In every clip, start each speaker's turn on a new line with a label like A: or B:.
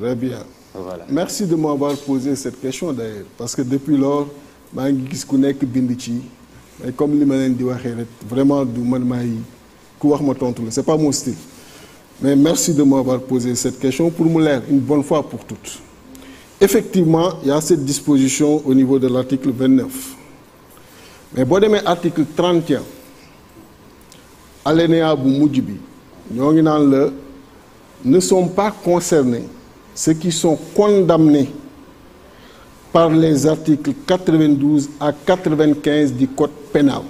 A: Très bien. Merci de m'avoir posé cette question d'ailleurs. Parce que depuis lors, je gis mais comme je vraiment du ku pas mon style mais merci de m'avoir posé cette question pour me l'air. une bonne fois pour toutes effectivement il y a cette disposition au niveau de l'article 29 mais bon, mais article 31 Alénéa bu ne sont pas concernés ceux qui sont condamnés par les articles 92 à 95 du code pénal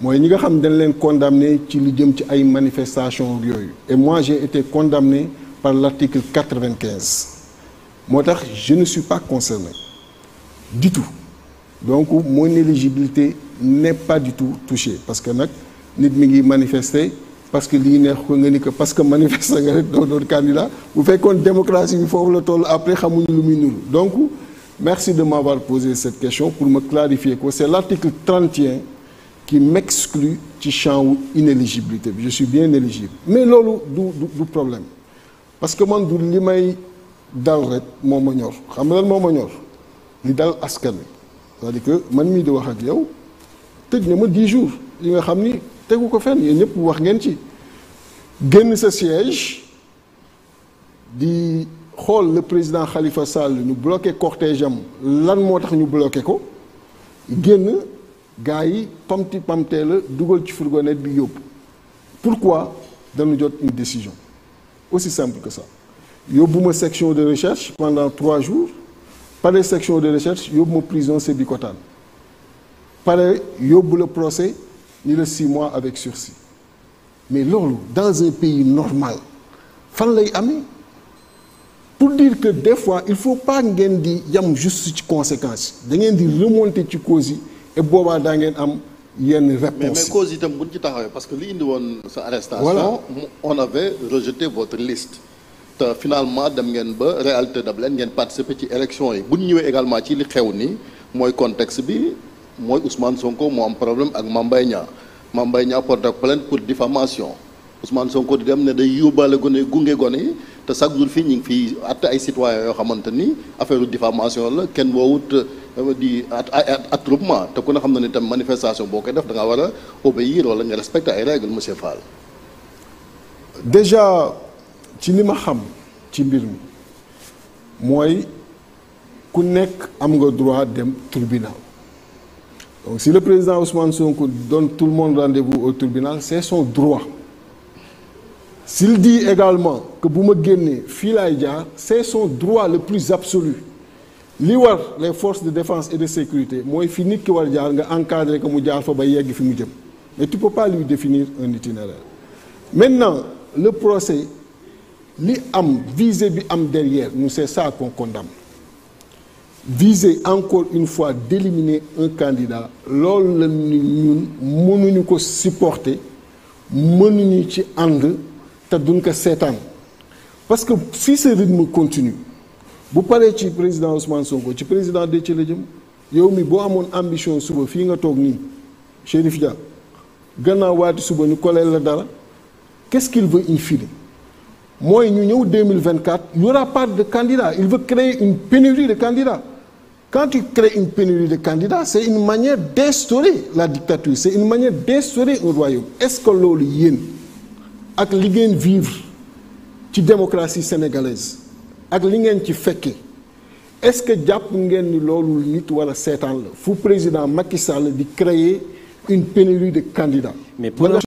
A: Moi, ñi nga condamné ci et moi j'ai été condamné par l'article 95 Moi, je ne suis pas concerné du tout donc mon éligibilité n'est pas du tout touchée parce que nag nit mi parce que les ko parce que manifeste nga candidat démocratie vous faut le après le lu donc merci de m'avoir posé cette question pour me clarifier que c'est l'article 31 qui m'exclut du champ d'inéligibilité. je suis bien éligible mais là, du du problème parce que je suis suis le dal rek moo ma ñor xam je suis ñor li c'est-à-dire que je suis di wax ak yow 10 jours nga tegu ko fenn yéen ñëpp wax ngeen ci génn sa siège di xool le président Khalifa Sall ñu bloqué cortège am nous moo tax ñu bloqué ko génn gars yi pamti pamtee la dugal ci fourgonnette bi yóbbu pourquoi dañu jot une décision aussi simple que ça yóbbu ma section de recherche pendant trois jours Par pare section de recherche yóbbu ma prison Sébikotane pare yóbbu la procès ni le six mois avec sursis mais lolo, dans un pays normal fan lay pour dire que des fois il faut pas ngeen di yam juste conséquence de ngeen di remonter ci cause et boire daa ngeen am yenn réponse mais
B: cause itam bu parce que li indi arrestation voilà on avait rejeté votre liste finalement dem ngeen ba réalité dab pas de participer ci élection et vous n'y également ci li xew moi et contexte bi mooy Ousmane Sonko moo am problème ak Mame ñaa Niang Mame Mbaye Niang porte plainte pour diffamation Ousmane Sonko di dem ne day yóbbaale gone gunge gone yi te chaque fii ñu ngi fii at ay citoyens yoo xamante ni affaire diffamation la kenn woowut euh, di attroupement te ku ne xam na ni tam manifestation boo koy def da wara war a obéir wala nga respecter ay règles monsieur Fall.
A: déjà ci li ma xam ci mbir mi mooy ku nekk am nga droit dem tribunal. Donc si le président Ousmane Sonko donne tout le monde rendez-vous au tribunal, c'est son droit. S'il dit également que pour me guérir, c'est son droit le plus absolu. les forces de défense et de sécurité, moi, fini que encadré comme Mais tu ne peux pas lui définir un itinéraire. Maintenant, le procès, l'IAM, visé am derrière, nous, c'est ça qu'on condamne viser encore une fois d'éliminer un candidat loolu nous ñun mënuñu ko supporter mënuñu ci ànd te duñ ko ans parce que si ce rythme continue bu parlez ci président Ousmane Sonko ci président de la jëm yow mi boo ambition suba fii nga toog nii Chérif Dia gannaaw suba qu'est-ce qu'il veut infiler Moi, mooy ñu 2024 il n'y aura pas de candidat il veut créer une pénurie de candidats quand tu crées une pénurie de candidats, c'est une manière d'instaurer la dictature, c'est une manière d'instaurer un royaume. Est-ce que l'on yen, ak vivre, la démocratie sénégalaise, est-ce que vous avez nit président Macky Sall de créer une pénurie de candidats. Mais